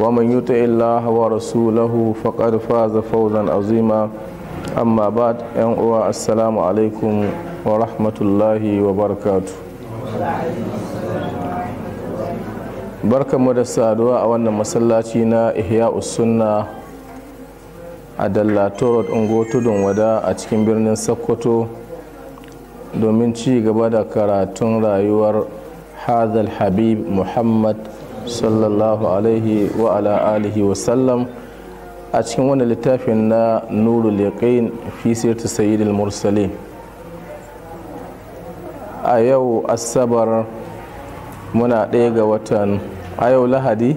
ومن يطع الله ورسوله فقد فاز فوزا عظيما أما بعد uwa السلام عليكم ورحمة الله وبركاته barka mu da saduwa a wannan masallaci na ihya sunna a dallatorod tudun wada a cikin birnin sokoto domin ci gaba da karatun rayuwar hadal habib muhammad sallallahu alaihi wa ala alihi wa sallam a cikin wani littafin na nuru yaqin fi sirtu sayyidil mursalin a yau asabar muna ɗaya ga watan a yau lahadi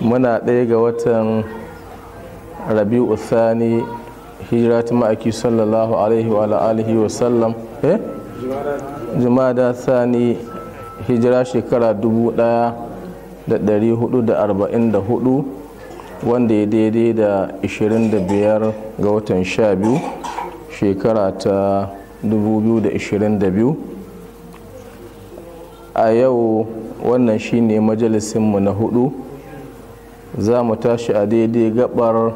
muna ɗaya ga watan rabi'u thani hijira ta ma'aiki sallallahu alaihi wa alihi wa sallam eh jumada thani hijira shekara dubu ɗaya da ɗari hudu da arba'in da wanda ya daidai da 25 ga watan 12 shekara ta 2022 a yau wannan shine majalisinmu na hudu za mu tashi a daidai gabar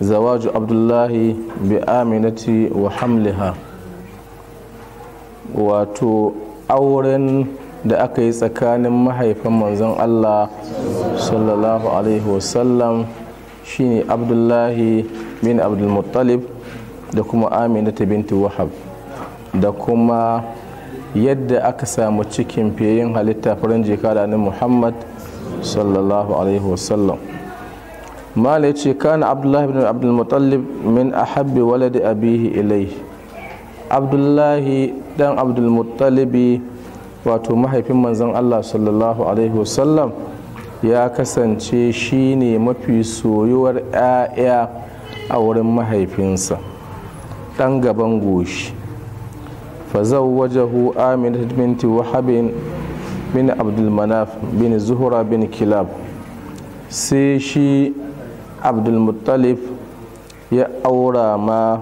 zawaju abdullahi bi aminati wa hamliha wato auren da aka yi tsakanin mahaifin manzon Allah sallallahu alaihi wasallam shine abdullahi bin Muttalib da kuma aminata binti wahab da kuma yadda aka samu cikin fiyayin halitta farin jikada na Muhammad sallallahu alaihi wasallam mala yace kana abdullahi bin abdul muttalib min ahabbi waladi abihi ilayhi abdullahi dan abdul muttalibi wato mahaifin manzon Allah sallallahu alaihi wasallam ya kasance shi ne mafi soyuwar 'ya'ya a wurin mahaifinsa ɗan gaban goshi fazau wajahu aminat minti wahabin bin abdulmanaf bin zuhura bin kilab sai shi abdulmuttalif ya aura ma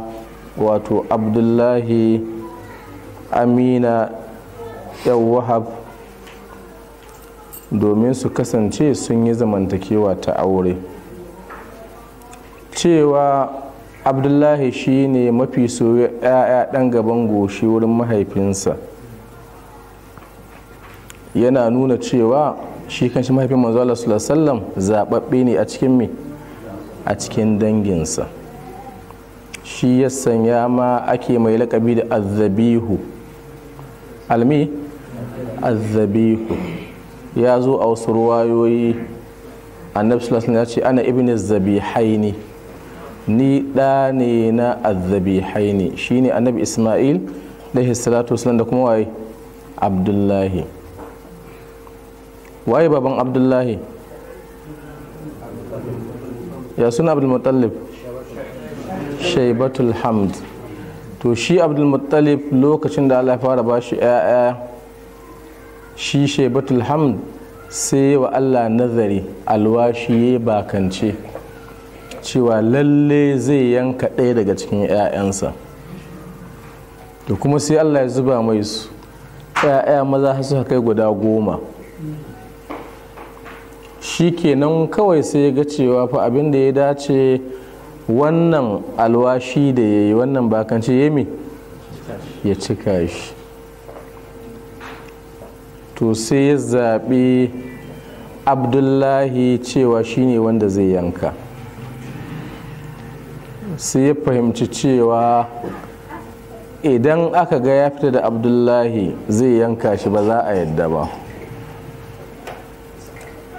wato abdullahi amina yan wahab domin su kasance sun yi zamantakewa ta aure cewa abdullahi shine mafi soyayya 'ya'ya ɗan gaban goshi wurin mahaifinsa yana nuna cewa shi kan shi mahaifin manzo Allah sallallahu zaɓaɓɓe ne a cikin me a cikin danginsa shi ya sanya ma ake mai laƙabi da azzabihu almi azzabihu ya zo a wasu ruwayoyi annabi sallallahu alaihi ya ce ana ibn zabihaini ni ɗa ne na azzabihaini ne annabi isma'il da salatu wasallam da kuma waye abdullahi waye baban abdullahi ya suna abdulmutallib shaibatul hamd to shi abdulmutallib lokacin da allah fara ba shi 'ya'ya shi shebatul hamd sai wa allah nazari alwashi ya bakance cewa lalle zai yanka ɗaya daga cikin 'ya'yansa to kuma sai allah ya zuba mai su 'ya'ya maza su kai guda goma shi kenan kawai sai ya ga cewa fa abin da ya dace wannan alwashi da ya yi wannan bakance ya ya cika shi to sai ya zaɓi abdullahi cewa shine wanda zai yanka sai ya fahimci cewa idan aka ga ya fita da abdullahi zai yanka shi ba za a yadda ba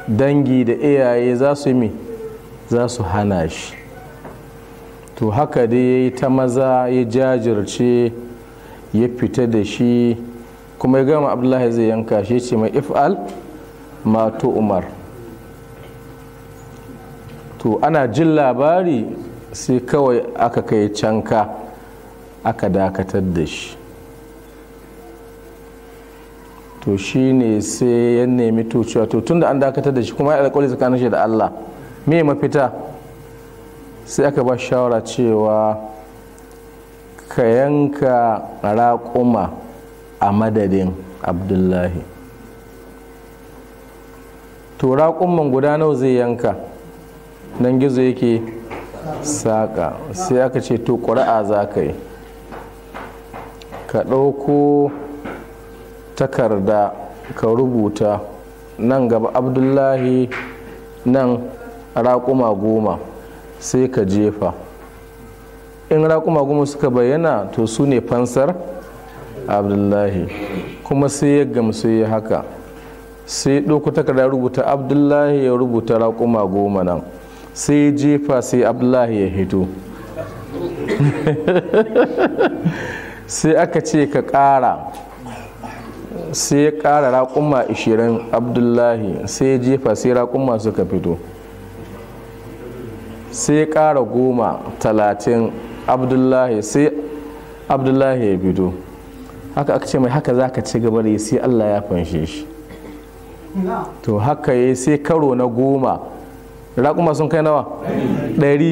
dangi da iyaye za su yi za su hana shi to haka dai ya yi ta maza ya jajirce ya fita da shi kuma ya gama abdullahi zai yanka shi ce mai if'al to umar to ana jin labari sai kawai aka kai canka aka dakatar da shi to shi ne sai ya nemi to to tun da an dakatar da shi kuma ya alƙawari tsakanin shi da Allah me mafita sai aka ba shawara cewa ka yanka raƙuma a madadin abdullahi To kumman guda nawa zai yanka nan gizo yake saƙa sai aka ce to ƙuri'a za ka yi ka ɗauko takarda ka rubuta nan gaba abdullahi nan raƙuma goma sai ka jefa in raƙuma goma suka bayyana to su ne fansar abdullahi kuma sai ya gamsu ya haka sai ɗauko takarda rubuta abdullahi ya rubuta raƙuma goma nan sai ya jefa sai abdullahi ya hito sai aka ce ka ƙara sai ya ƙara raƙuma ishirin abdullahi sai ya jefa sai raƙuma suka fito sai ya ƙara goma talatin abdullahi sai abdullahi ya fito haka aka ce mai haka za ka ci gaba da yi sai Allah ya fanshe shi to haka ya sai karo na goma raƙuma sun kai nawa ɗari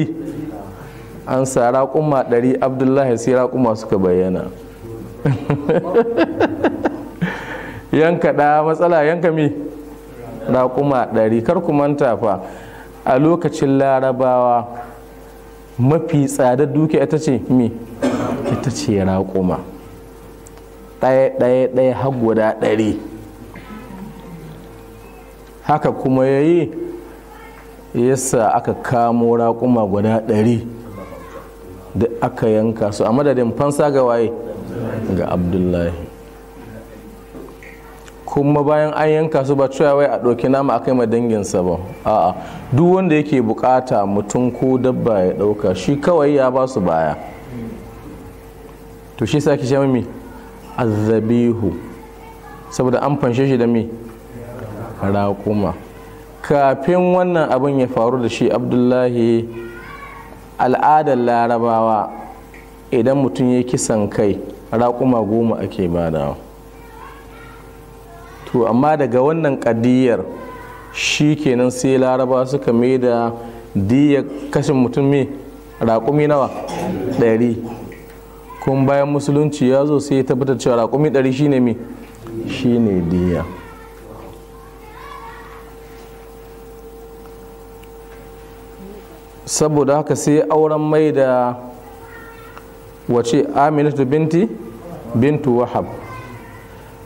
an sa raƙuma ɗari abdullahi sai raƙuma suka bayyana yanka ɗa matsala yanka mi raƙuma ɗari kar ku manta fa a lokacin larabawa mafi tsada dukiya ita ce mi ita ce raƙuma ɗaya ɗaya ɗaya har guda ɗari haka kuma ya yi yasa aka kamo raƙuma guda ɗari da aka yanka su a madadin fansa ga waye ga abdullahi kuma bayan an yanka su ba cewa wai a ɗauki nama a kai danginsa ba a'a duk wanda yake bukata mutum ko dabba ya ɗauka shi kawai ya ba su baya to shi sa ki mami azzabihu saboda an fanshe shi da mi raƙuma kafin wannan abin ya faru da shi abdullahi al'adar larabawa idan mutum ya kisan kai raƙuma goma ake badawa to amma daga wannan ƙadiyar shi kenan sai laraba suka mai da diyar kashin mutum mai raƙumi nawa ɗari kun bayan musulunci ya zo sai ya tabbatar cewa raƙumi ɗari shine mi shine diya saboda haka sai auren mai da wace aminatu binti bintu wahab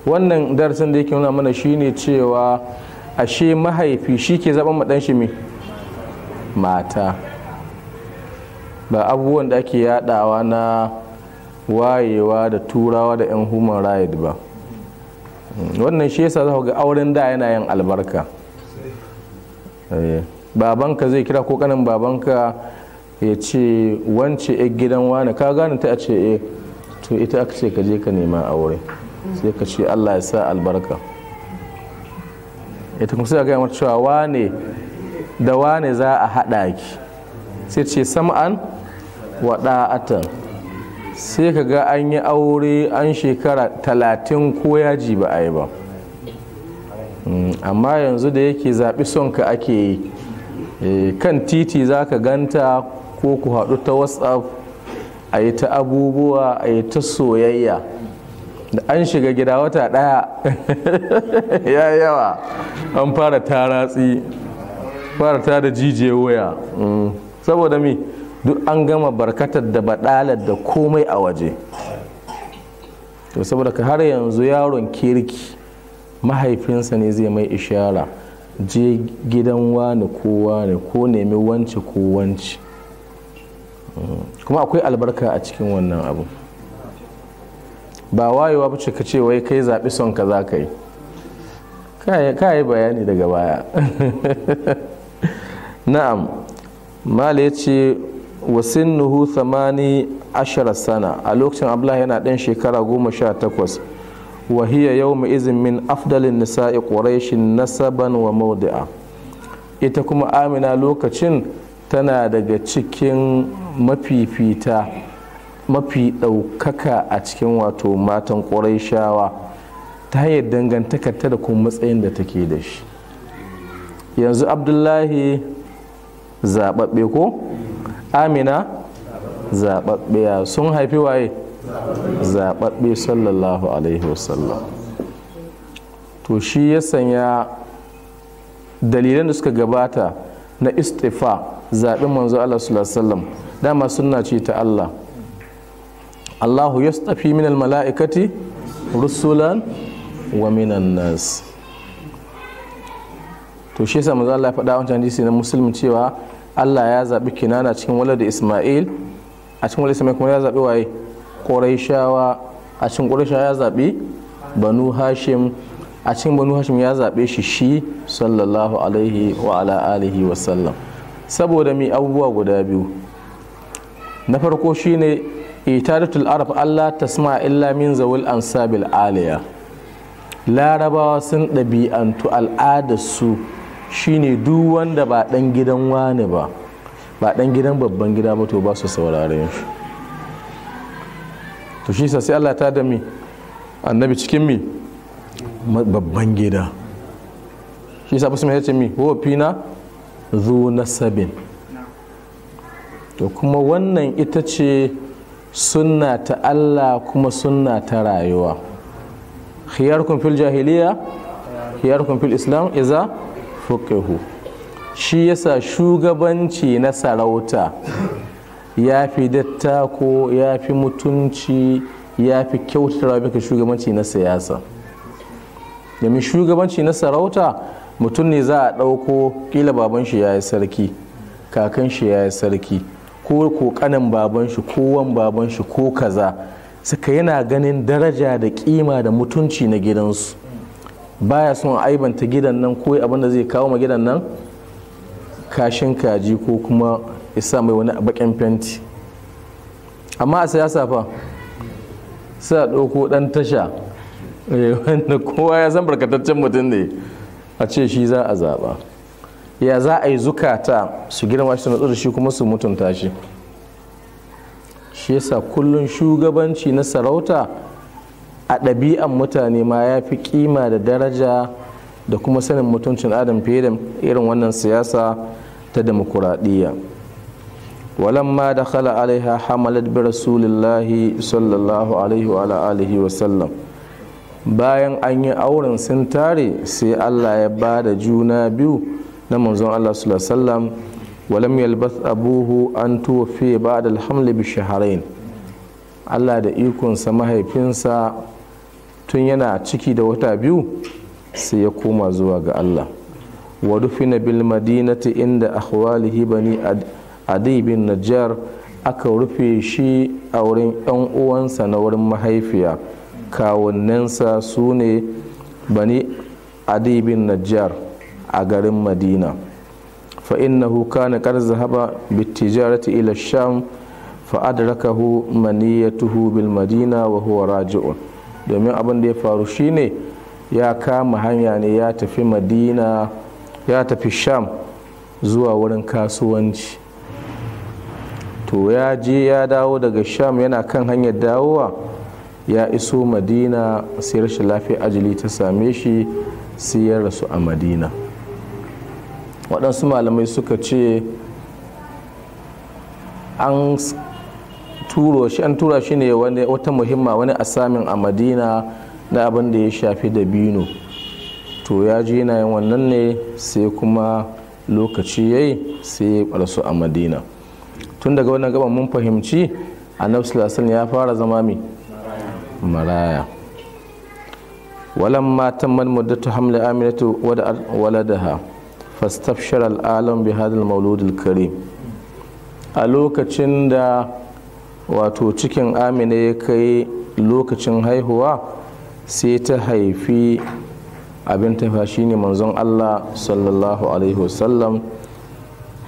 wannan darasin da yake nuna mana shine cewa ashe mahaifi shi ke zaɓen maɗan shi mi mata ba abubuwan da ake yaɗawa na wayewa da turawa da 'yan human right ba mm, wannan shi yasa za ga auren da yana yin albarka eh, babanka zai kira ko kanin babanka ya ce wance ya gidan wani ka gane ta ce e to ita aka ce ka je ka nema aure sai ka ce allah ya sa albarka ita kuma sai gaya mata cewa wane da wane za a haɗa ki sai ce sam'an wa ɗa'atan sai ka ga an yi aure an shekara talatin ko yaji ba a yi ba mm, amma yanzu da yake zaɓi son ka ake yi eh, kan titi za ka ganta ko ku haɗu ta whatsapp a yi ta abubuwa a yi ta soyayya da an shiga gida wata ɗaya ya yawa an fara taratsi fara ta da jijiyar waya mm, saboda mi duk an gama barkatar da baɗalar da komai a waje to saboda ka har yanzu yaron kirki mahaifinsa ne zai mai ishara je gidan wani ko wani ko nemi wance ko wance kuma akwai albarka a cikin wannan abu ba wayewa ba ce ka ce wai kai zaɓi son ka za ka yi ka yi bayani daga baya na'am mala ya ce wasinnuhu thamani ashara sana a lokacin abdullahi yana ɗan shekara goma sha takwas wa hiya mai izin min afdalin nisa'i quraishin nasaban wa mawdi'a ita kuma amina lokacin tana daga cikin mafifita mafi ɗaukaka a cikin wato matan ƙuraishawa ta hanyar dangantaka ta da kuma matsayin da take da shi yanzu abdullahi zaɓaɓɓe ko amina zaɓaɓɓiya sun haifi waye zaɓaɓɓe sallallahu alaihi wasallam to shi ya sanya dalilan da suka gabata na istifa zaɓin manzo Allah sallallahu dama suna ce ta Allah Allahu yastafi minal mala'ikati rusulan wa minan nas to shi ya manzo Allah ya faɗa wancan jisi na musulmi cewa Allah ya zaɓi kinana cikin wala da Ismail a cikin wala Ismail kuma ya zaɓi waye Qurayshawa a cikin Qurayshawa ya zaɓi Banu Hashim a cikin Banu Hashim ya zaɓe shi shi sallallahu alaihi wa ala alihi wa sallam saboda mi abubuwa guda biyu na farko shine itadatul arab Allah tasma illa min zawil ansabil aliya larabawa sun ɗabi'antu al'adarsu su shine duk wanda ba dan gidan wani ba ba dan gidan babban gida ba to ba su saurare shi to shi sai Allah ta da mi annabi cikin mi babban gida shi sa musulmi ya ce mi huwa fina zu nasabin to kuma wannan ita ce sunna ta Allah kuma sunna ta rayuwa khiyarkum fil jahiliya khiyarkum fil islam iza fuqihu shi yasa shugabanci na sarauta ya fi dattako ya fi mutunci ya fi kyautata maka shugabanci na siyasa domin shugabanci na sarauta mutum ne za a ɗauko ƙila baban shi ya yi sarki kakan shi ya yi sarki ko kokanin baban shi ko wan baban shi ko kaza suka yana ganin daraja da kima da mutunci na gidansu baya son aibanta gidan nan ko abin da zai kawo ma gidan nan kashin kaji ko kuma isa mai wani bakin fenti amma a siyasa fa sai a ɗauko ɗan tasha eh, wanda kowa ya san barkataccen mutum ne a ce shi za a zaɓa ya za a yi zukata su girma shi su natsu da shi kuma su mutunta shi shi yasa kullum shugabanci na sarauta a ɗabi'an mutane ma ya fi kima da daraja da kuma sanin mutuncin adam fiye da irin wannan siyasa ta demokuraɗiyya walamma da khala alaiha hamalat bi rasulillahi sallallahu alaihi wa alihi wa sallam bayan an yi auren sun tare sai allah ya ba da juna biyu na manzon allah sallallahu alaihi walam yalbas abuhu an tuwafi ba da alhamli bi shaharain allah da ikonsa mahaifinsa tun yana ciki da wata biyu sai ya koma zuwa ga Allah wa rufina bil madinati inda akhwalihi bani adi bin najjar aka rufe shi a wurin yan uwansa na wurin mahaifiya kawunnensa su ne bani adi bin najjar a garin madina fa innahu kana qad zahaba bitijarati ila sham fa adrakahu maniyatuhu bil madina wa huwa raji'un domin abin da ya faru shine ya kama hanya ne ya tafi madina ya tafi sham zuwa wurin kasuwanci to ya je ya dawo daga sham yana kan hanyar dawowa ya iso madina sai rashin lafiya ajali ta same shi sai ya rasu a madina waɗansu malamai suka ce an turo shi an tura shi ne wata muhimma wani asamin a madina na abin da ya shafi da bino to ya ji yana yin wannan ne sai kuma lokaci ya yi sai ya ɓarsu a madina tun daga wannan gaban mun fahimci a sallallahu ya fara zama mai maraya ولما تمت hamla aminatu آمنة ودعت ولدها فاستبشر العالم بهذا mauludul kare. a lokacin da wato cikin amina ya kai lokacin haihuwa sai ta haifi abin tafa shine manzon allah sallallahu alaihi wasallam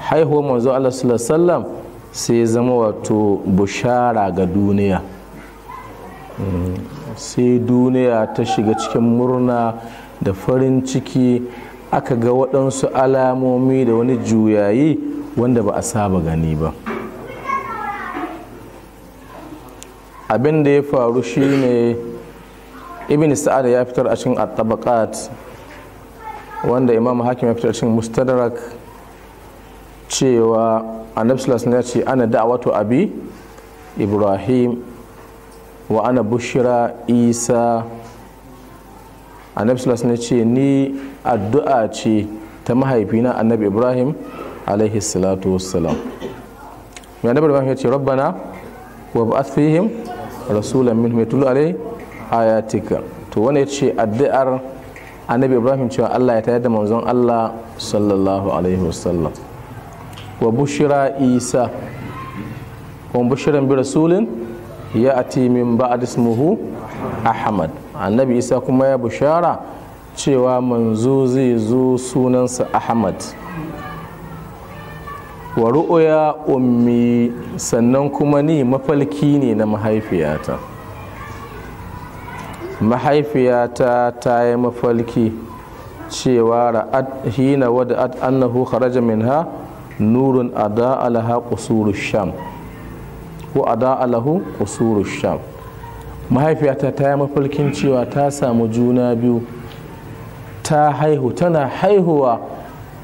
haihuwar manzon allah sallallahu alaihi wasallam sai zama wato bushara ga duniya sai duniya ta shiga cikin murna da farin ciki aka ga waɗansu alamomi da wani juyayi wanda ba a saba gani ba abin da ya faru shine ibn sa'ad ya fitar a cikin at-tabaqat wanda imam hakim ya fitar a cikin mustadrak cewa annabi sallallahu ya ce ana da'watu abi ibrahim wa ana bushira isa annabi sallallahu ya ce ni addu'a ce ta mahaifina annabi ibrahim alaihi salatu wassalam mai annabi ibrahim ya ce rabbana wa ba'ath fihim rasulan min tulu alai ayatika to wani ce addu'ar annabi ibrahim cewa allah ya tayar da manzon allah sallallahu alaihi wasallam wa bushira isa kuma bushiran bi rasulin ya ati min ba'd ismuhu ahmad annabi isa kuma ya bushara cewa manzo zai zo sunansa ahmad wa ru'uya ummi sannan kuma ni mafalki ne na mahaifiyata mahaifiyata ta yi mafalki cewa ra'ad hina wada'at annahu kharaja minha nurun ada alaha qusuru sham ko ada alahu qusuru sham mahaifiyata ta yi mafalkin cewa ta samu juna biyu ta haihu tana haihuwa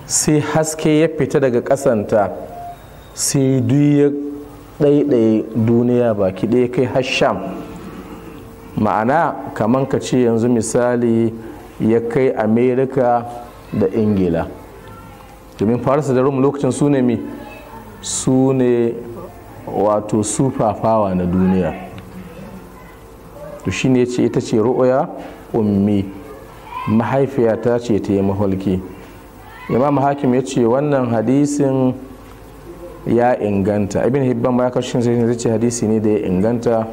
sai haske ya fita daga ƙasanta sai duk ya ɗaiɗaye duniya baki ɗaya kai hasham ma'ana kamar ka ce yanzu misali ya kai amerika da ingila domin farisa da rum lokacin su ne mi su ne wato superpower na duniya to shine ce ita ce ru'uya ummi mahaifiyata ce ta yi maholki imam hakim ya ce wannan hadisin ya inganta ibn hibban ba ya shi ne zai ce hadisi ne da ya inganta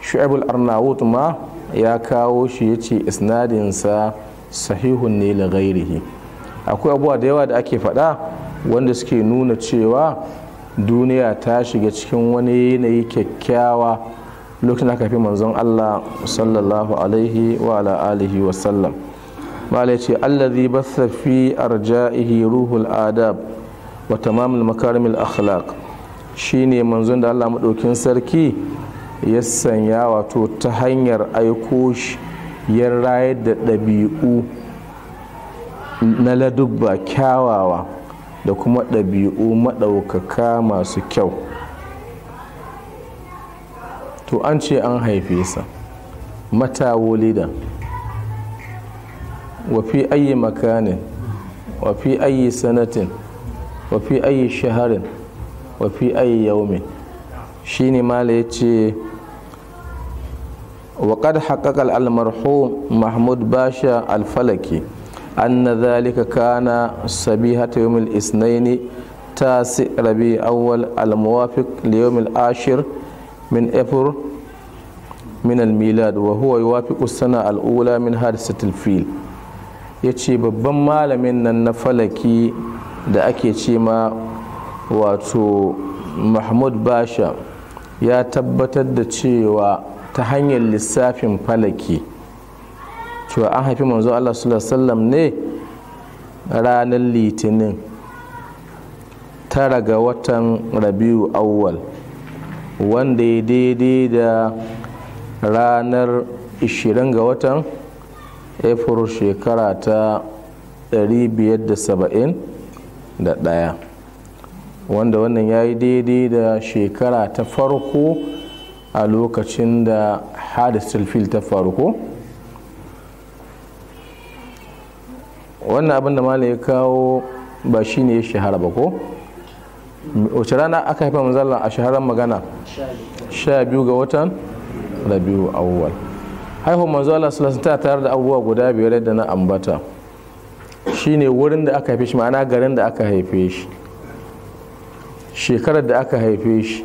shu'aibul arnawut ma ya kawo shi ya ce isnadinsa sahihun ne la ghairihi akwai abuwa da yawa da ake faɗa wanda suke nuna cewa duniya ta shiga cikin wani yanayi kyakkyawa lokacin da aka fi manzon Allah sallallahu alaihi wa ala alihi wa sallam malai ce allazi basa fi arja'ihi ruhul adab wa tamamul makarimil akhlaq shine manzon da Allah madaukin sarki ya sanya wato ta hanyar aiko shi ya rayar da ɗabi'u na ladubba kyawawa da kuma ɗabi'u maɗaukaka masu kyau to an ce an haife sa mata leader wafi ayi makanin wafi ayi sanatin wafi ayi shaharin wafi ayi yaumin shi ne mala ya ce waƙad haƙaƙal almarhum mahmud basha alfalaki أن ذلك كان صبيحة isnaini الاثنين تاسع ربيع أول الموافق ليوم العاشر من أبر من الميلاد وهو يوافق السنة الأولى من حادثة الفيل ya ce babban malamin nan na falaki da ake ce ma wato mahmud basha ya tabbatar da cewa ta hanyar lissafin falaki cewa an haifi manzo Allah ne ranar litinin tara ga watan rabiu awwal wanda ya daidai da ranar 20 ga watan april shekara ta 571 wanda wannan ya yi daidai da shekara ta farko a lokacin da hadis ta farko wannan abin da malam ya kawo ba shi ne ya shahara ba ko wace rana aka haifar manzala a shaharar magana 12 ga watan rabiu awwal haifar manzo Allah sallallahu alaihi wasallam tare da abubuwa guda biyar da na ambata shine wurin da aka haife shi ma'ana garin da aka haife shi shekarar da aka haife shi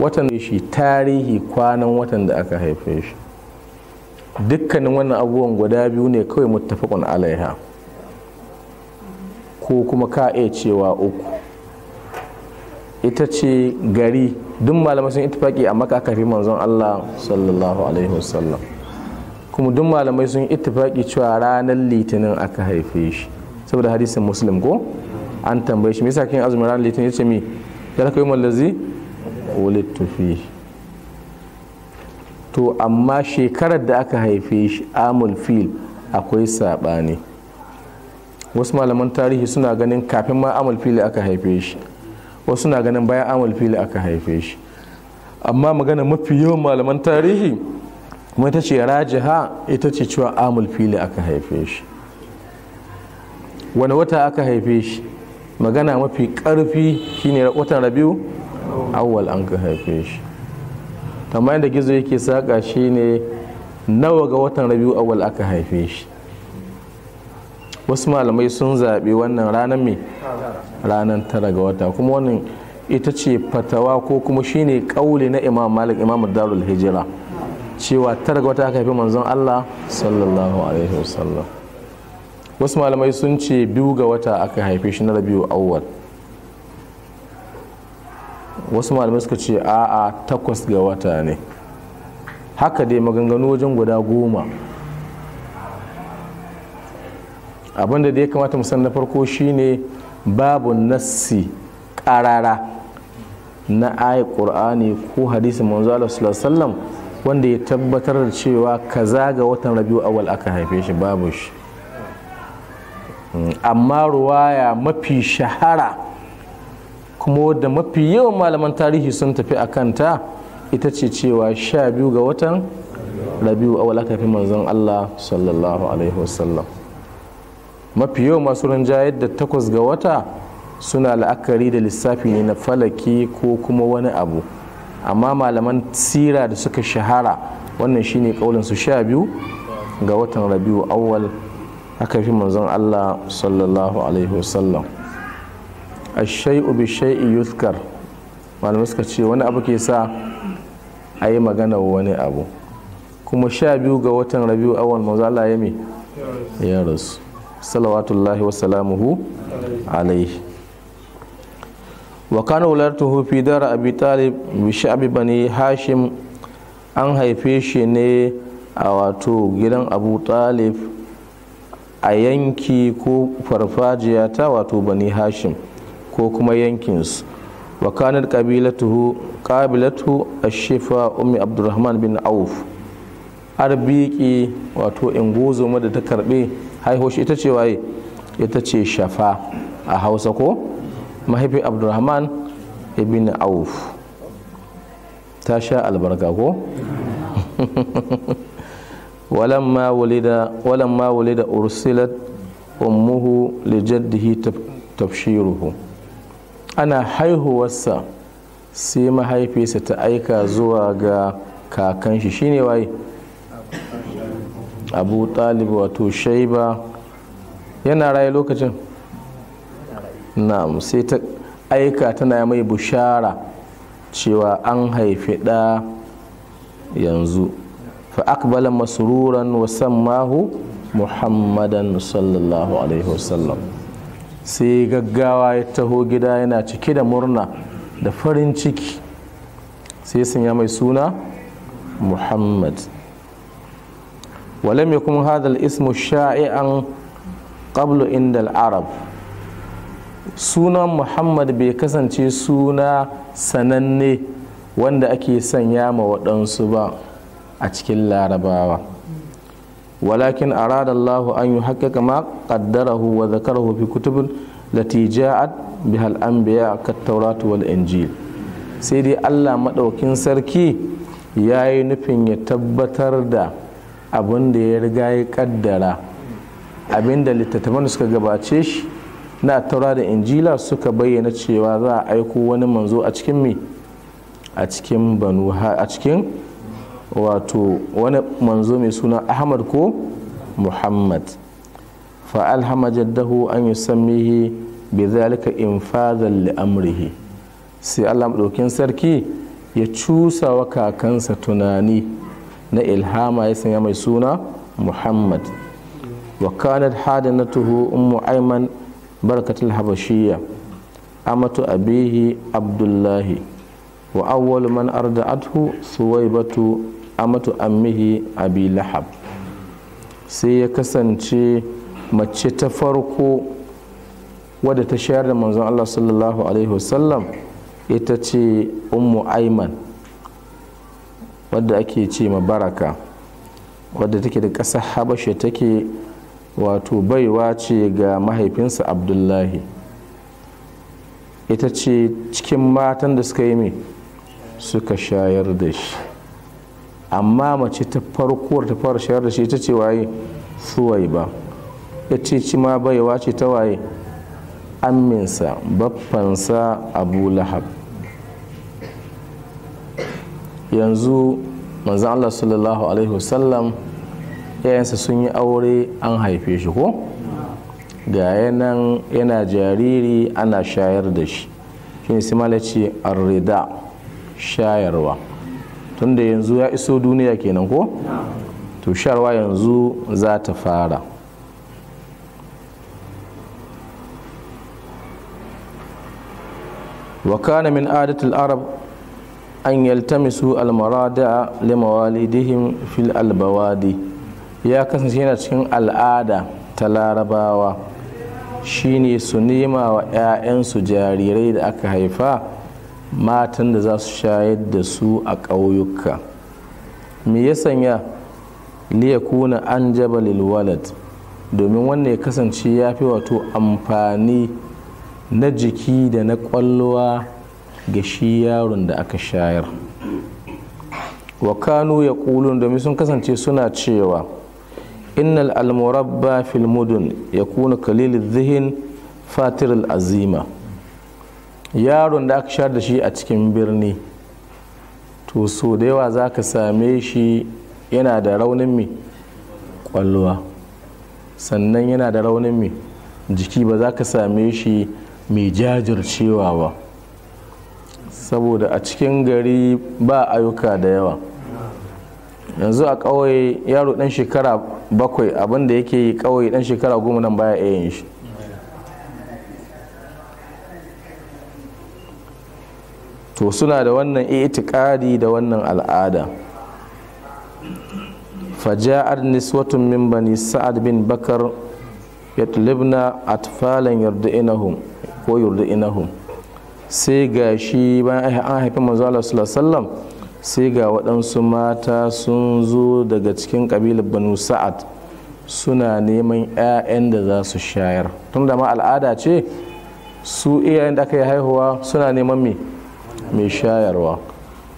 watan da shi tarihi kwanan watan da aka haife shi dukkanin wannan abubuwan guda biyu ne kawai muttafaqun alaiha ko kuma ka iya cewa uku ita ce gari duk malamai sun ittifaqi amma ka kafi manzon Allah sallallahu alaihi wasallam kuma duk malamai sun ittifaki cewa ranar litinin aka haife shi saboda hadisin muslim ko an tambaye shi me yasa kin azumin ranar litinin yace mi ya kai mallazi wulittu fi to amma shekarar da aka haife shi amul fil akwai sabani wasu malaman tarihi suna ganin kafin ma amul fil aka haife shi wasu suna ganin bayan amul fil aka haife shi amma magana mafi yawan malaman tarihi kuma ita ce rajiha ita ce cewa amul fili aka haife shi wani wata aka haife shi magana mafi karfi shine watan rabiu awwal an ka haife shi amma da gizo yake saka shine nawa ga watan rabiu awwal aka haife shi wasu malamai sun zaɓi wannan ranar mai ranar tara ga wata kuma wannan ita ce fatawa ko kuma shine kauli na imam malik imam darul hijira cewa tara ga wata aka haifi manzon Allah sallallahu alaihi wasallam wasu malamai sun ce biyu ga wata aka haife shi na rabiu awwal wasu malamai suka ce a'a takwas ga wata ne haka dai maganganu wajen guda goma abinda da ya kamata mu san na farko shine babu nassi karara na ayi qur'ani ko hadisin manzo Allah sallallahu alaihi wasallam wanda ya tabbatar da cewa kaza ga watan rabiu awal aka haife shi babu shi mm, amma ruwaya mafi shahara kuma da mafi yawan malaman tarihi sun tafi a kanta ita ce cewa sha biyu ga watan rabiu awal aka haife manzon allah sallallahu alaihi wasallam mafi yawan masu ranja yadda takwas ga wata suna la'akari da lissafi ne na falaki ko kuma wani abu amma malaman sira da suka shahara wannan shine kaulin su sha biyu ga watan rabiu awwal aka fi manzon Allah sallallahu alaihi wasallam ashai'u bi shay'i yuzkar malamai suka ce wani abu ke sa a yi magana wani abu kuma sha biyu ga watan rabiu awwal manzon Allah ya me ya rasu salawatullahi wa salamuhu alaihi وكان ولرته في دار أبي طالب بشعب بني hashim an haife shi ne a wato gidan abu talib a yanki ko farfajiya ta wato bani hashim ko kuma yankinsu wa kanar kabilatu a shifa abdulrahman bin auf arbiki wato ingozoma da ta karbe haihoshi ita ce waye ita ce shafa a hausa ko mahaifin abdurrahman ibn auf ta sha albarka ko Walan walamma walida ursilat ummuhu jaddihi tafshiruhu ana haihuwarsa sai mahaifinsa ta aika zuwa ga kakan shi shine waye abu talib wato shaiba yana raye lokacin na'am sai ta aika tana mai bushara cewa an haifi ɗa yanzu fa akbala masruran wa sammahu muhammadan sallallahu alaihi wasallam sai gaggawa ya taho gida yana cike da murna da farin ciki sai sanya mai suna muhammad walam ya hadha al-ismu sha'i'an qablu inda arab sunan muhammad bai kasance suna sananne wanda ake sanya ma waɗansu ba a cikin larabawa walakin aradallahu allahu an yi haƙƙaƙa ma ƙaddarahu wa zakarahu fi kutubin latija'at hal'an biya a kattauratu wal injil sai dai allah maɗaukin sarki ya yi nufin ya tabbatar da abin da ya riga ya ƙaddara abin da littattafan suka gabace shi na taura da injila suka bayyana cewa za a aiko wani manzo a cikin me a cikin banu a cikin wato wani manzo mai suna ahmad ko muhammad fa alhama jaddahu an yi sammihi bai zalika infazan li sai allah ɗaukin sarki ya cusa wa kakansa tunani na ilhama ya sanya mai suna muhammad wa na hadanatuhu ummu aiman barakatul habashiyya amatu abihi abdullahi wa awwal man arda'athu suwaibatu amatu ammihi abi lahab sai ya kasance mace ta farko wadda ta shayar da manzon Allah sallallahu alaihi wasallam ita ce ummu Ayman. wadda ake ce ma baraka wadda take da ƙasar habasha take wato baiwa ce ga mahaifinsa abdullahi ita ce cikin matan da suka yi mai suka shayar da shi amma mace ta farko ta fara shayar da shi ita ce waye suwai ba ita ce ma baiwa ce ta waye Aminsa, baffansa abu lahab yanzu manzan allah sallallahu alaihi wasallam yayansa sun yi aure an haife shi ko ga yanan yana jariri ana shayar da shi shine su mala ce arrida shayarwa tunda yanzu ya iso duniya kenan ko to shayarwa yanzu za ta fara وكان من عادة العرب أن يلتمسوا المرادع limawalidihim في albawadi ya kasance yana cikin al'ada ta larabawa shine su nema wa 'ya'yansu jarirai da aka haifa matan da za su shayar da su a ƙauyuka me ya sanya liya kuna an jabalil walad domin wannan ya kasance ya fi wato amfani na jiki da na ƙwallowa ga shi yaron da aka shayar wa kanu ya domin sun kasance suna cewa innal almurabba fil ya kuna kalil zihin fatir azima yaron da aka shayar da shi a cikin birni to so da yawa za ka same shi yana da raunin mi kwallowa sannan yana da raunin mi jiki ba za ka same shi mai jajircewa ba saboda a cikin gari ba ayyuka da yawa yanzu a ƙauye yaro ɗan shekara bakwai abinda yake yi kawai dan shekara goma nan baya iya yin shi to suna da wannan itikadi da wannan al'ada faja'ar niswatun min bani sa'ad bin bakar yatlibna atfalan yardu'inahum ko inahu. sai gashi bayan an haifi manzo Allah sallallahu alaihi sai ga waɗansu mata sun zo daga cikin ƙabilar banu sa'ad suna neman 'ya'yan da za su shayar tun da ma al'ada ce su iyayen da aka yi haihuwa suna neman me mai shayarwa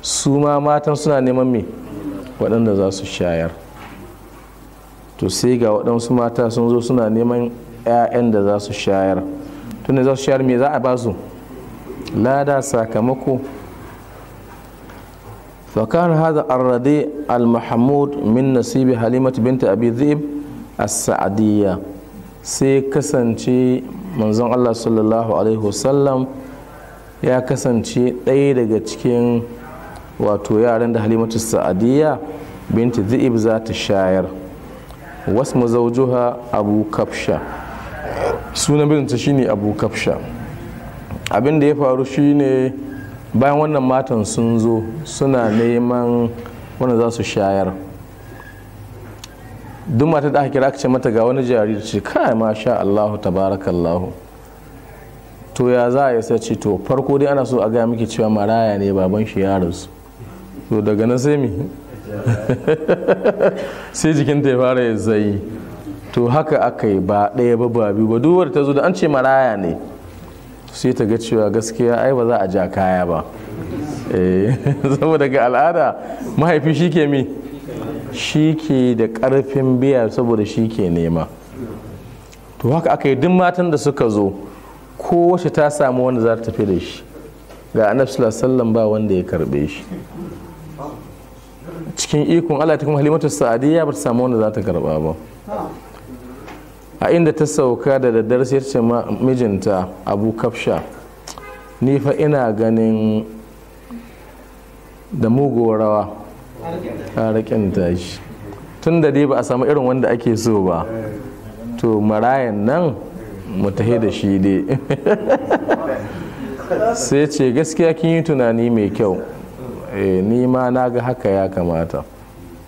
su ma matan suna neman me waɗanda za su shayar to sai ga waɗansu mata sun zo suna neman 'ya'yan da za su shayar tun da za su shayar me za a ba su lada sakamako فكان هذا الرديء المحمود من نصيب حليمة بنت أبي ذئب السعدية sai kasance manzon Allah sallallahu alaihi wasallam ya kasance ɗaya daga cikin wato yaran da halimatu sa'adiyya binti zi'ib za shayar wasu mazaujuha abu kafsha sunan birinta shine abu kafsha abin da ya faru shine bayan wannan matan sun zo suna neman wanda za su shayar duk mata da aka kira aka ce mata ga wani jariri ce kai masha Allahu tabarakallahu to ya za a yi ce to farko dai ana so a gaya miki cewa maraya ne baban shi ya rasu to daga na sai mi sai jikinta ya fara ya zai to haka aka yi ba ɗaya ba ba biyu ba duwar ta zo da an ce maraya ne sai ta ga cewa gaskiya ai ba za a ja kaya ba eh, saboda ga al'ada mahaifi shi ke mi shi ke da karfin biya saboda shi ke nema to haka aka yi duk matan da suka zo ko kowace ta samu wanda za ta tafi da shi ga annabi sallallahu ba wanda ya karbe shi cikin ikon Allah ta kuma halimatu sa'adiyya ba ta samu wanda za ta karba ba a inda ta sauka da daddar sai ce mijinta abu kafsha ni fa ina ganin da muguwar rawa a rikin tashi tun da dai ba a samu irin wanda ake so ba to marayan nan mu da shi dai sai ce gaskiya kin yi tunani mai kyau eh, ni ma na ga haka ya kamata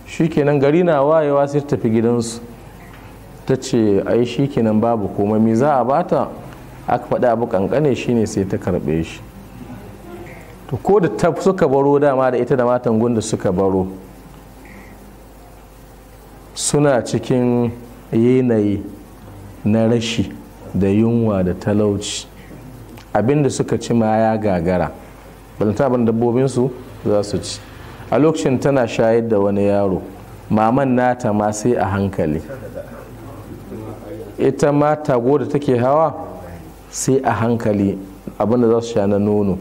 shi kenan gari na wayewa sai tafi gidansu ta ce ai shi kenan babu komai me za a bata aka faɗi abu kankane ne sai ta karɓe shi to ko da ta suka baro dama da ita da matan gunda suka baro suna cikin yanayi na rashi da yunwa da talauci abinda suka ci ma ya gagara balanta abin dabbobinsu za su ci a lokacin tana shayar da wani yaro maman nata ma sai a hankali ita ma tago da take hawa sai a hankali abinda za su sha na nono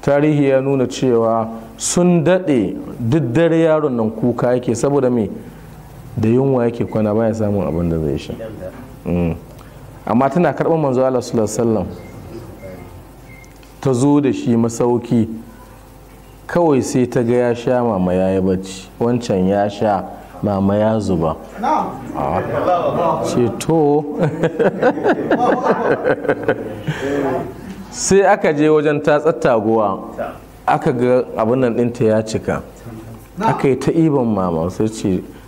tarihi ya nuna cewa sun daɗe duk dare yaron nan kuka yake saboda mai da yunwa yake kwana baya samun abin da zai sha mm. amma tana karɓar manzo Allah sallallahu ta zo da shi masauki kawai sai ta ga ya sha mama ya yi bacci wancan ya sha mama ya zuba ce sai aka je wajen tatsar taguwa aka ga abunan dinta ɗinta ya cika aka yi ta iban mama sai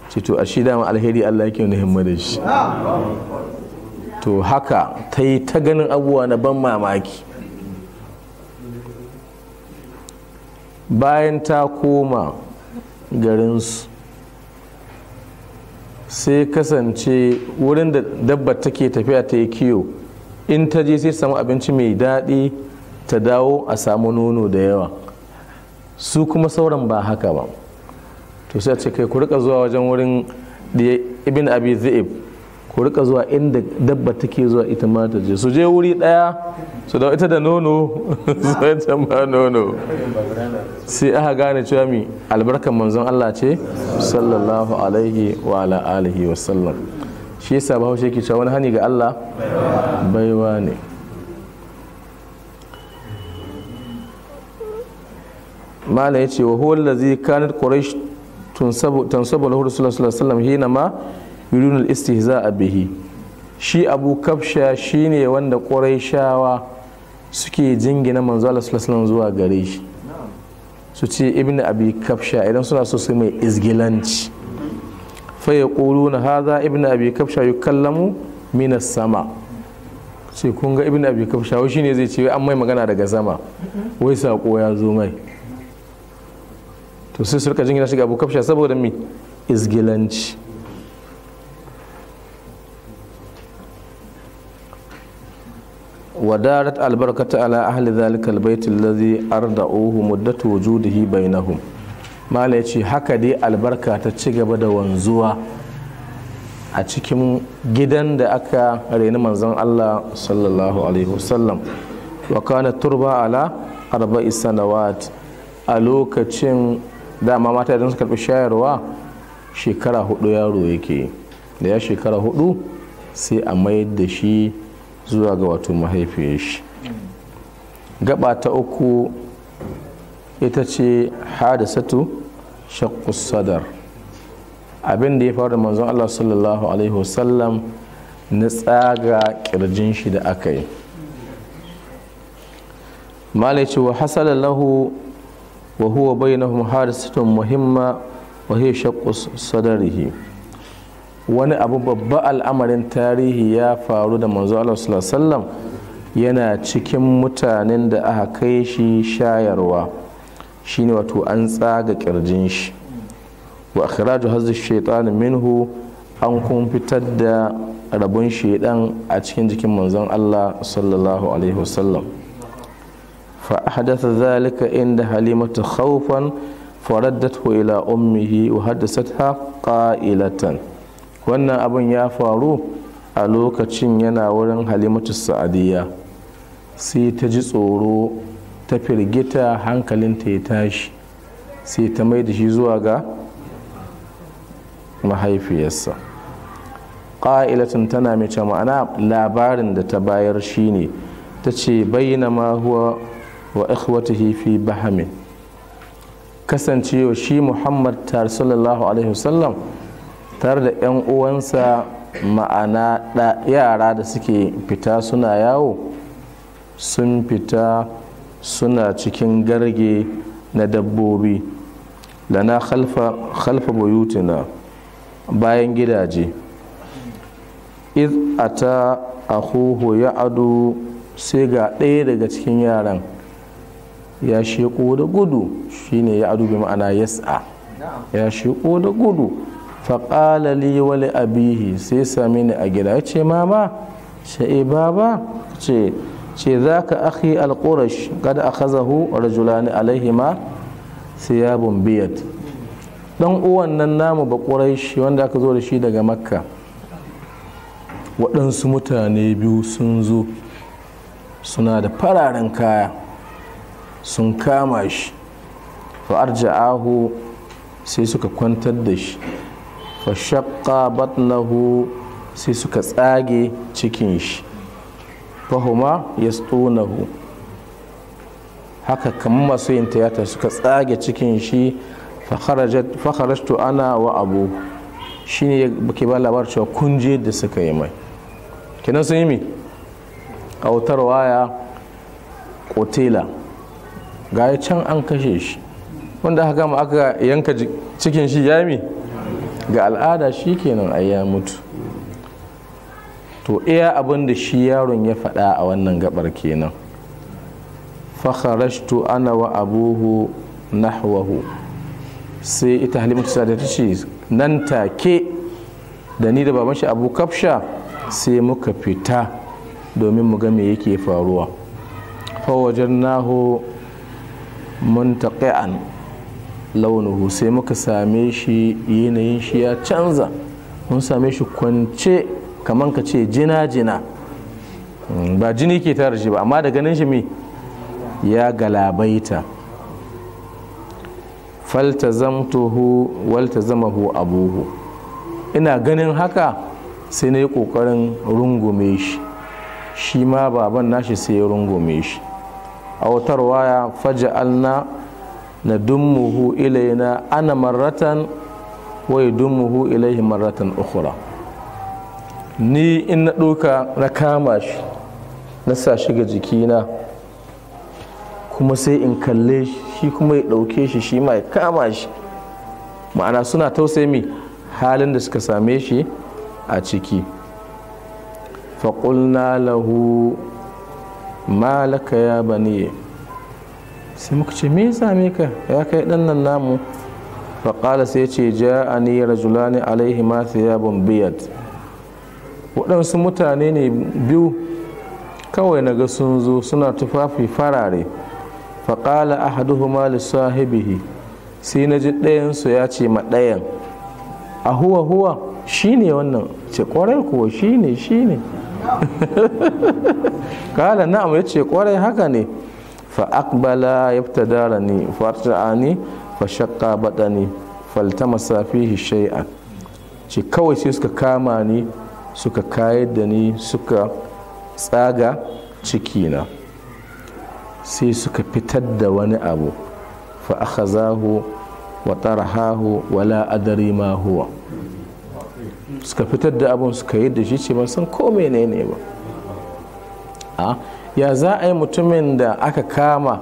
ce to a shi dama alheri Allah yake wani himma da shi to haka ta yi ta ganin abubuwa na ban mamaki bayan ta koma garinsu sai kasance wurin da dabbar take tafiya ta yi kiyo in ta je sai samu abinci mai daɗi ta dawo a samu nono da yawa su kuma sauran ba haka ba to sai a ce kai ku rika zuwa wajen wurin ibin abi zaib ku rika zuwa inda dabba take zuwa ita ma ta je su je wuri daya su da ita da nono su ta ma nono sai aka gane cewa mi albarkan manzon Allah ce sallallahu alaihi wa ala alihi wa sallam shi yasa bahaushe ke cewa wani hani ga Allah baiwa ne malai ya ce wa huwa allazi kanat quraish tunsabu tansabu lahu rasulullahi sallallahu alaihi sallam hina ma yurinul istihza a bihi shi abu kafsha shine wanda shawa suke jingina manzo Allah sallallahu zuwa gare shi su ce ibn abi kafsha idan suna so su mai izgilanci fa yaquluna hadha ibn abi kafsha yukallamu minas sama sai kun ga ibn abi kafshawo shine zai ce an mai magana daga sama wai sako ya zo mai to sai su rika jingina shiga abu kafsha saboda mi izgilanci ودارت البركة على أهل ذلك البيت الذي أردعوه مدة وجوده haka dai albarka ta cigaba da wanzuwa. a cikin gidan da aka reni manzon Allah sallallahu alaihi wasallam wa kana turba ala arba'i sanawat a lokacin dama mata idan su karbi shayarwa shekara hudu yaro yake da ya shekara hudu sai a mai da shi zuwa ga wato mahaifiyar shi gaba ta uku ita ce hadisatu shakkus sadar abin ya faru da manzon Allah sallallahu alaihi wasallam na tsaga kirjin shi da aka yi malaici wa hasala lahu wa huwa bainahum hadisatun muhimma wa hiya shaqqu sadarihi wani abu babba al'amarin tarihi ya faru da manzo Allah sallam yana cikin mutanen da aka kai shi shayarwa shine wato an tsaga kirjin shi wa akhraju hazzi shaytan minhu an kun fitar da rabon shaidan a cikin jikin manzon Allah sallallahu alaihi wasallam fa ahdatha zalika inda halimatu khawfan faraddathu ila ummihi wa haddathatha qa'ilatan wannan abin ya faru a lokacin yana wurin halimatu sa'adiyya sai ta ji tsoro ta firgita hankalinta ya tashi sai ta mai da shi zuwa ga mahaifiyarsa ƙa'ilatin tana mace ma'ana labarin da ta bayar shine ta ce bayyana ma huwa wa ikhwatihi fi bahamin kasancewa shi muhammad sallallahu alaihi wasallam tare da 'yan uwansa ma'ana da yara da suke fita suna yawo sun fita suna cikin garge na dabbobi da na khalfa buyutina bayan gidaje iz ata ahuhu ya adu sai ga ɗaya daga cikin yaran ya sheko da gudu shine ya adu bi ma'ana yas'a ya sheko da gudu faƙalali wale abihi sai sami ni a gida ce mama ce eh, baba ce ce za ka akhi alƙurash kada a kazahu rajulani alaihima ya bumbiyat dan uwan nan namu ba shi wanda aka zo da shi daga makka waɗansu mutane biyu sun zo suna da fararen kaya sun kama shi fa'ar ja'ahu sai suka kwantar da shi fashakka shakka batnahu sai suka tsage cikin shi fahuma ya tsonahu haka kamar masu yin tiyata suka tsage cikin shi fakarashtu ana wa abu shi ne ke ba labar cewa kunje da suka yi mai kenan sun yi mi a wutar waya kotela ga can an kashe shi wanda haka ma aka yanka cikin shi ya yi mi ga al'ada shi kenan a ya mutu to iya abin da shi yaron ya faɗa a wannan gabar kenan fakharashtu ana wa abuhu nahwahu sai ita halimatu sa ta ce nan take da ni da baban shi abu kafsha sai muka fita domin mu ga me yake faruwa fawajen naho muntaqi'an launuhu sai muka same shi yanayin shi ya canza mun same shi kwance kamar ka ce jina-jina hmm, ba jini ke tare shi ba amma da ganin shi me ya galabaita zama waltazamahu abuhu ina ganin haka sai na yi ƙoƙarin rungume shi shi ma baban nashi sai ya rungume shi a wutar waya faja'alna na dummuhu ilaina ana maratan wa dummuhu ilaihi maratan ukhra ni in na ɗauka na kama shi na sa shi ga jikina kuma sai in kalle shi kuma ya ɗauke shi shi ma kama shi ma'ana suna tausayi mi halin da suka same shi a ciki faƙulna lahu malaka ya baniye sai muka ce me same ka ya kai dan nan namu faƙala sai ce ja'ani rajulani alaihi ma thiyabun biyad waɗansu mutane ne biyu kawai na ga sun zo suna tufafi farare faƙala ahaduhuma li sahibihi sai na ji ɗayansu ya ce ma ɗayan a huwa huwa shi wannan ce ƙwarai kuwa shi ne shi ne kala na'am ya ce ƙwarai haka ne fa akbala yabtadarani farta'ani fa shaqqa batani faltamasa fihi shay'an ce kawai sai suka kama ni suka kayar da ni suka tsaga ciki na, sai suka fitar da wani abu fa akhazahu wa tarahahu wala adari ma suka fitar da abun suka yi da shi ce ban san ko menene ba ya za a yi mutumin da aka kama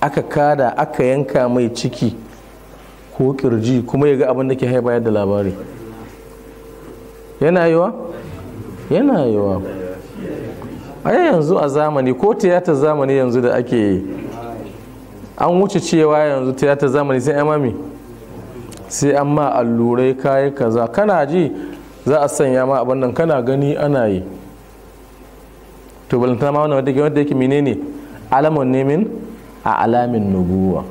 aka kada aka yanka mai ciki ko kirji kuma ya ga abin da ke haibayar da labari yana yiwa? yana yiwa a yanzu a zamani ko tiyatar zamani yanzu da ake yi an wuce cewa yanzu tiyatar zamani sai amami sai an ma allurai kayi kaza kana ji za a sanya ma abin nan kana gani ana yi to balantana ma wannan wadda wadda yake menene alamun nemin a alamin nubuwa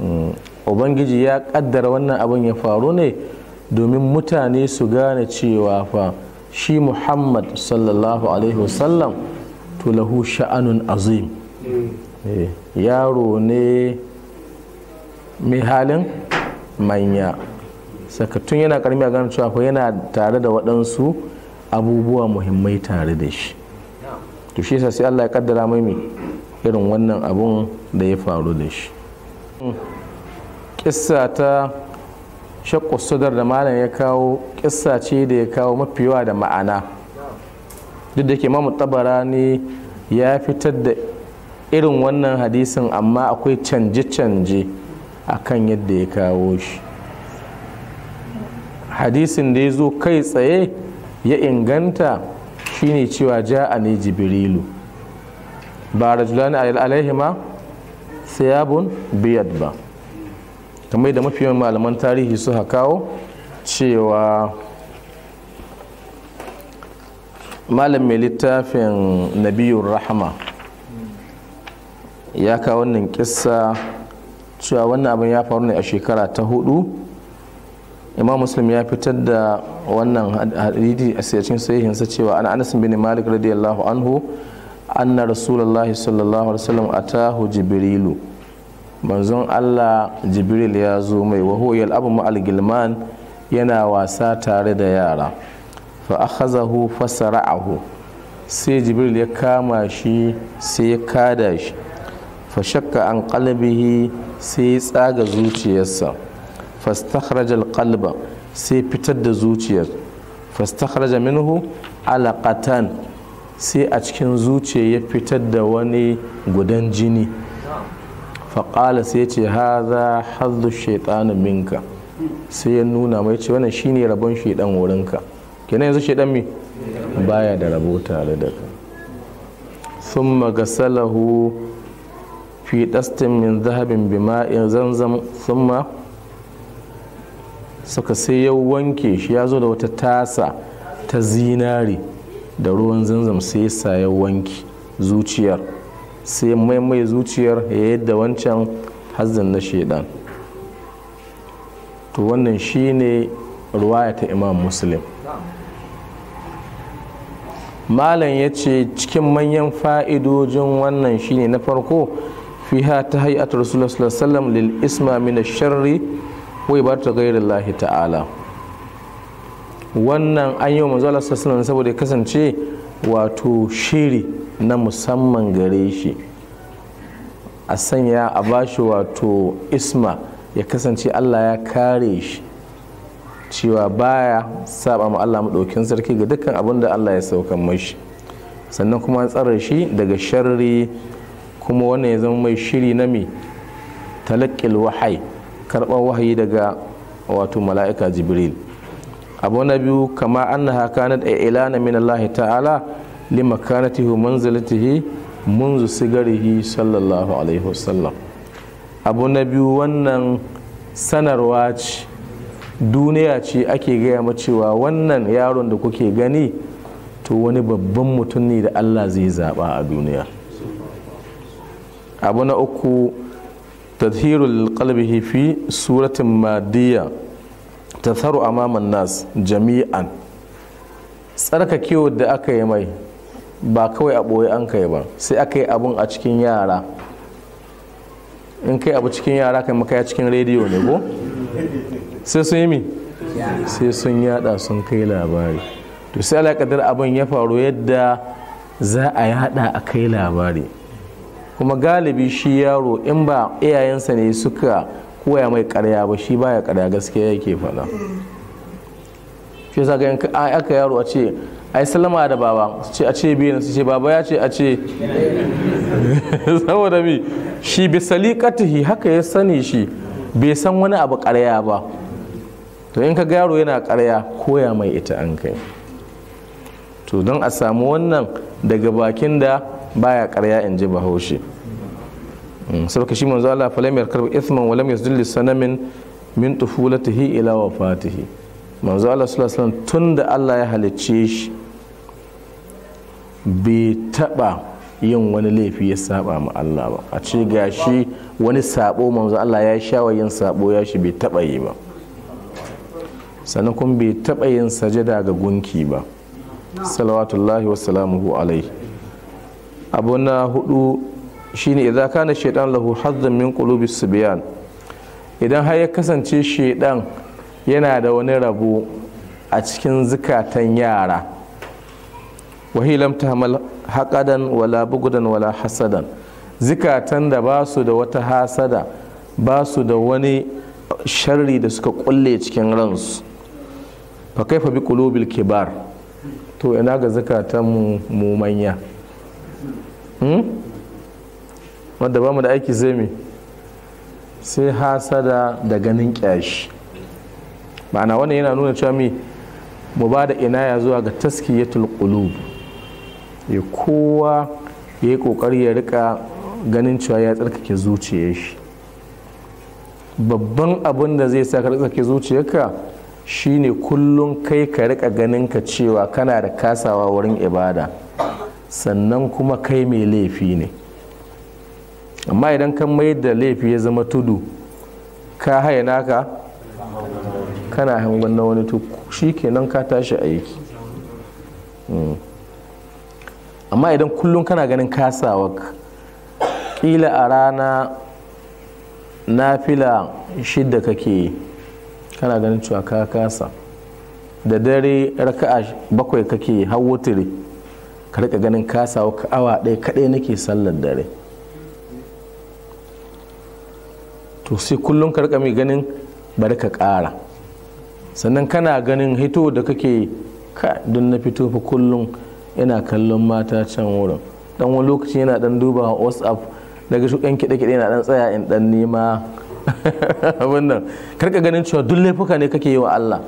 hmm. ubangiji ya kaddara wannan abin ya faru ne domin mutane su gane cewa fa shi muhammad sallallahu alaihi wasallam to lahu sha'anun azim hmm. eh, yaro ne mai halin manya sakatun yana karmi a gane cewa fa yana tare da waɗansu abubuwa muhimmai tare da shi to shi sai Allah ya kaddara mai irin wannan abun da ya faru da shi kissa ta shakku sudar da malam ya kawo kissa ce da ya kawo mafiwa da ma'ana duk da ke mamu tabara ne ya fitar da irin wannan hadisin amma akwai canje-canje akan yadda ya kawo shi hadisin da ya zo kai tsaye ya inganta shine cewa ja ne jibrilu ba a rajulani alaihima thiyabun biyad ba kamar da mafi malaman tarihi suka kawo cewa malam mai littafin Nabiyu rahama ya kawo wannan kissa cewa wannan abin ya faru ne a shekara ta hudu imam muslim ya fitar da wannan hadidi a cikin sahihinsa cewa an anas bin malik radiyallahu anhu anna rasulullahi sallallahu alaihi wasallam atahu jibrilu manzon Allah jibril ya zo mai wa huwa yal'abu ma'al gilman yana wasa tare da yara fa akhazahu fasara'ahu sai jibril ya kama shi sai ya kada shi fa shakka an qalbihi sai ya tsaga zuciyarsa fastakhrajal qalba sai fitar da zuciyar fastakhraja minhu alaqatan sai a cikin zuciya ya fitar da wani gudan jini faƙala sai ce haza hazu shaitanu minka sai ya nuna mai ce wannan shine rabon shaidan wurinka kenan yanzu shaidan mi baya da rabo tare da ka sun magasalahu fi dastin min zahabin bima'in zanzam sun suka sai ya wanke shi ya zo da wata tasa ta zinari da ruwan zanzam sai sa ya wanke zuciyar sai maimai zuciyar ya yadda wancan hazin na shaidan to wannan ne ruwaya ta imam muslim malam ya ce cikin manyan fa'idojin wannan shi ne na farko fiha ta hayyatar rasulullah sallallahu lil isma min sharri wai ba ta gairin lahi ta'ala wannan an yi wa manzo Allah saboda ya kasance wato shiri na musamman gare shi a sanya a bashi wato isma ya kasance Allah ya kare shi cewa baya saba ma Allah maɗaukin sarki ga dukkan abin da Allah ya saukan mashi sannan kuma an tsare shi daga sharri kuma wannan ya zama mai shiri na mai talakil wahai karɓar wahayi daga wato mala'ika jibril abu na biyu kama annaha kanat ilana min Allah ta'ala limakanatihi manzilatihi sigari sigarihi sallallahu alaihi wasallam abu na biyu wannan sanarwa ce duniya ce ake gaya ma cewa wannan yaron da kuke gani to wani babban mutum ne da allah zai zaba a duniya abu na uku tathirul qalbihi fi suratin madiyya tatharu amaman nas jami'an tsarkakewar da aka yi mai ba kawai a ɓoye an kai ba sai aka yi abun a cikin yara in kai abu cikin yara kai makaya cikin rediyo ne ko sai sun yi mi sai sun yada sun kai labari to sai alaƙadar abin ya faru yadda za a yaɗa a kai labari kuma galibi shi yaro in ba iyayensa ne suka koya mai karya ba shi baya karya gaskiya yake faɗa shi yasa ga aka yaro a ce ai salama da baba su ce a ce biyu su ce baba ya ce a ce saboda bi shi bi salikatihi haka ya sani shi bai san wani abu karya ba to in ka ga yaro yana karya koya mai ita an kai to don a samu wannan daga bakin da baya karya in ji bahaushe mm, saboda shi manzo Allah fa lam yarkar ithman wa lam yasdil sanamin min tufulatihi ila wafatihi manzo Allah sallallahu alaihi wasallam tunda Allah ya halicce shi bai taba yin wani laifi ya saba ma Allah ba a ce gashi wani sabo manzo Allah ya shawa yin sabo ya shi bai taba yi ba sannan kuma bai taba yin sajada ga gunki ba salawatullahi wa salamuhu alaihi abu na hudu shine idza kana shaytan lahu hazzan min qulubi subyan idan har ya kasance shaidan yana da wani rabo a cikin zikatan yara wahilam tahmal haƙadan wala bugudan wala hasadan zikatan da ba su da wata hasada ba su da wani sharri da suka kulle cikin ransu fa kaifa bi qulubil kibar to ina ga zikatan mu manya Hmm? wadda ba mu da aiki zai mai sai hasada da ganin kyashi ma'ana wannan yana nuna cewa mai mu ba da ina ya zuwa ga taskiyatul qulub ya kowa ya yi kokari ya rika ganin cewa ya tsarkake zuciyar shi babban abin da zai sa ka tsarkake zuciyarka shine kullum kai ka rika ganin ka cewa kana da kasawa wurin ibada sannan kuma kai mai laifi ne amma idan kan mai da laifi ya zama tudu ka haya naka kana hangon na wani tuku shi kenan ka tashi aiki hmm. amma idan kullum kana ganin kasawa kila a rana na fila shidda kake yi kana ganin cewa ka kasa da dare raka'a bakwai kake har wutiri ka ganin kasawa ka awa ɗaya kaɗai nake sallar dare to sai kullum ka rika mai ganin bari ka ƙara sannan kana ganin hito da kake ka don na fito fa kullum yana kallon mata can wurin dan wani lokaci yana dan duba whatsapp daga shi ɗan kiɗe-kiɗe yana dan tsaya in dan nema abin nan karka ganin cewa duk laifuka ne kake yi wa Allah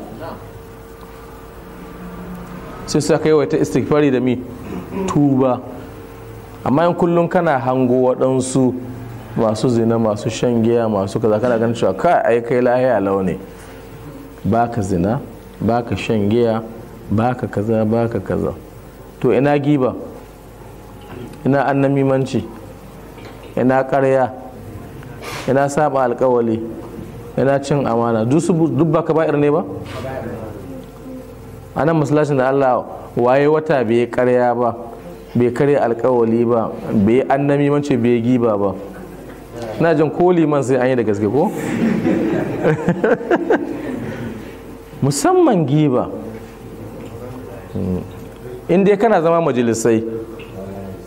sai sa kai wa ta istighfari da mi tuba amma yin kullum kana hango waɗansu masu zina masu shan giya masu kaza kana ganin cewa ka ai kai lahiya launi ka zina ba ka shan giya ba ka kaza ba ka kaza to ina giba ina annamimanci ina karya ina saba alkawali ina cin amana duk baka ba'ir ne ba anan masallacin da Allah waye wata bai karya ba bai karya alkawali ba bai annami mance bai giba ba na jin ko liman sai an yi da gaske ko musamman giba hmm. in dai kana zama majalisai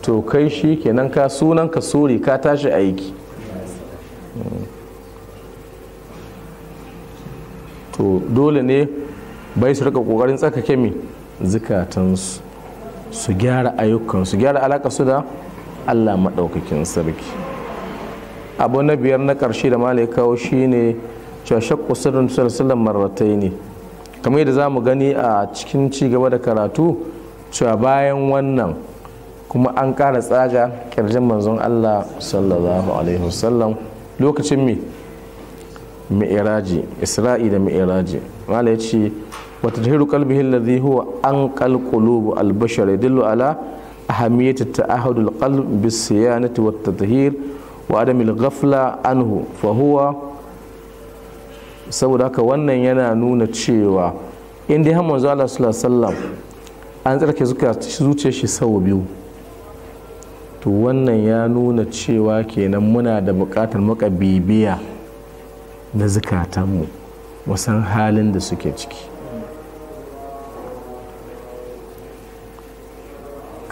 to kai shi kenan ka sunan ka suri ka tashi aiki hmm. to dole ne bai su rika kokarin tsakake mi zukatansu su gyara ayyukan su gyara alakasu su da allah maɗaukakin sarki abu na biyar na ƙarshe da malai kawo shine shashakku sirrin sallallahu marratai ne kamar yadda za mu gani a cikin ci gaba da karatu cewa bayan wannan kuma an ƙara tsaga ƙirjin manzon allah sallallahu alaihi wasallam lokacin mi mi'iraji isra'i da mi'iraji malai ce وتطهير قلبه الذي هو أنقى القلوب البشر يدل على أهمية wata القلب بالصيانة والتطهير وعدم الغفلة عنه فهو saboda haka wannan yana nuna cewa inda ya har zuwa Allah sallallahu alaihi wasallam an tsarke shi sau biyu to wannan ya nuna cewa kenan muna da buƙatar maka bibiya na zukatanmu wasan halin da suke ciki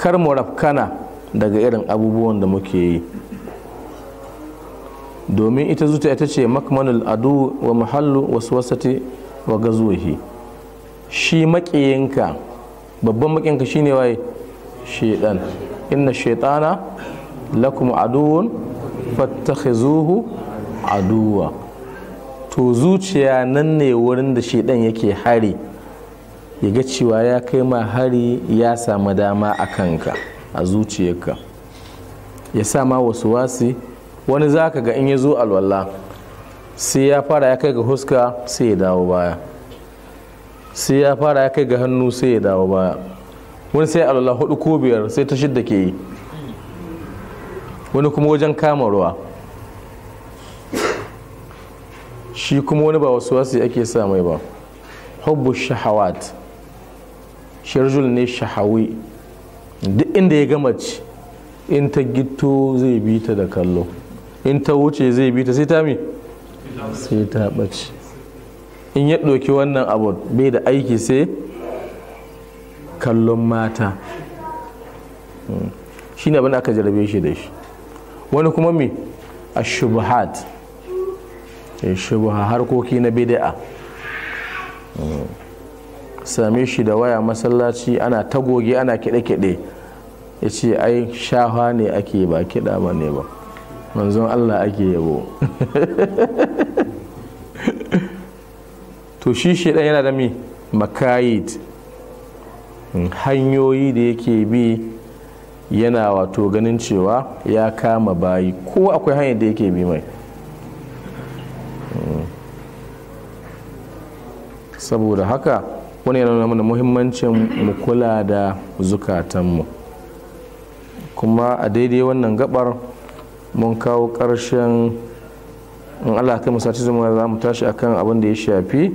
kar mu rafkana daga irin abubuwan da muke yi domin ita zuciya ita ce makmanul adu wa muhallu wasu wa gazuwahi shi maƙiyinka babban maƙiyinka shine waye shaidan inna shaitana lakum aduwun fattakhizuhu aduwa to zuciya nan ne wurin da shaidan yake hari ya ga cewa ya kai ma hari ya samu dama a kanka a zuciyarka ya sa ma wasu wasi wani za ka ga in ya zo alwala sai ya fara ya kai ga huska sai ya dawo baya sai ya fara ya kai ga hannu sai ya dawo baya wani sai alwala hudu ko biyar sai ta shidda ke yi wani kuma wajen kama ruwa shi kuma wani ba wasu wasi ake sa mai ba hubbu shahawat sharjul ne shahawi duk inda ya gama ci in ta gito zai bi ta da kallo in ta wuce zai bi ta sai ta mi sai ta ɓace in ya ɗauki wannan abu bai da aiki sai kallon mata hmm. shi ne abin aka jarabe shi da shi wani kuma mi a eh, shubuhat shubuha harkoki na bida'a hmm. same shi da waya masallaci ana tagoge ana kiɗe-kiɗe ya ce ai shafa ne ake ba kiɗa ba ne ba manzon allah ake yabo to shi shaidan yana da mi makayid hmm, hanyoyi da yake bi yana wato ganin cewa ya kama bayi ko akwai hanyar da yake bi mai hmm. saboda haka wani yana nuna mana muhimmancin mu kula da zukatanmu kuma a daidai wannan gabar mun kawo ƙarshen in allah kai musati zama za mu tashi akan abin da ya shafi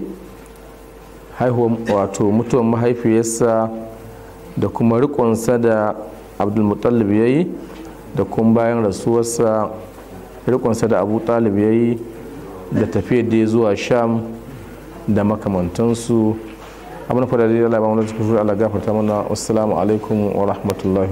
haihuwa wato mutuwan mahaifiyarsa da kuma rikonsa da abdulmutallib ya yi da kuma bayan rasuwarsa rikonsa da abu talib ya yi da tafiya da zuwa sham da makamantansu أبنا فريدي الله أبنا نجح فريدي الله جاء فرتمنا والسلام عليكم ورحمة الله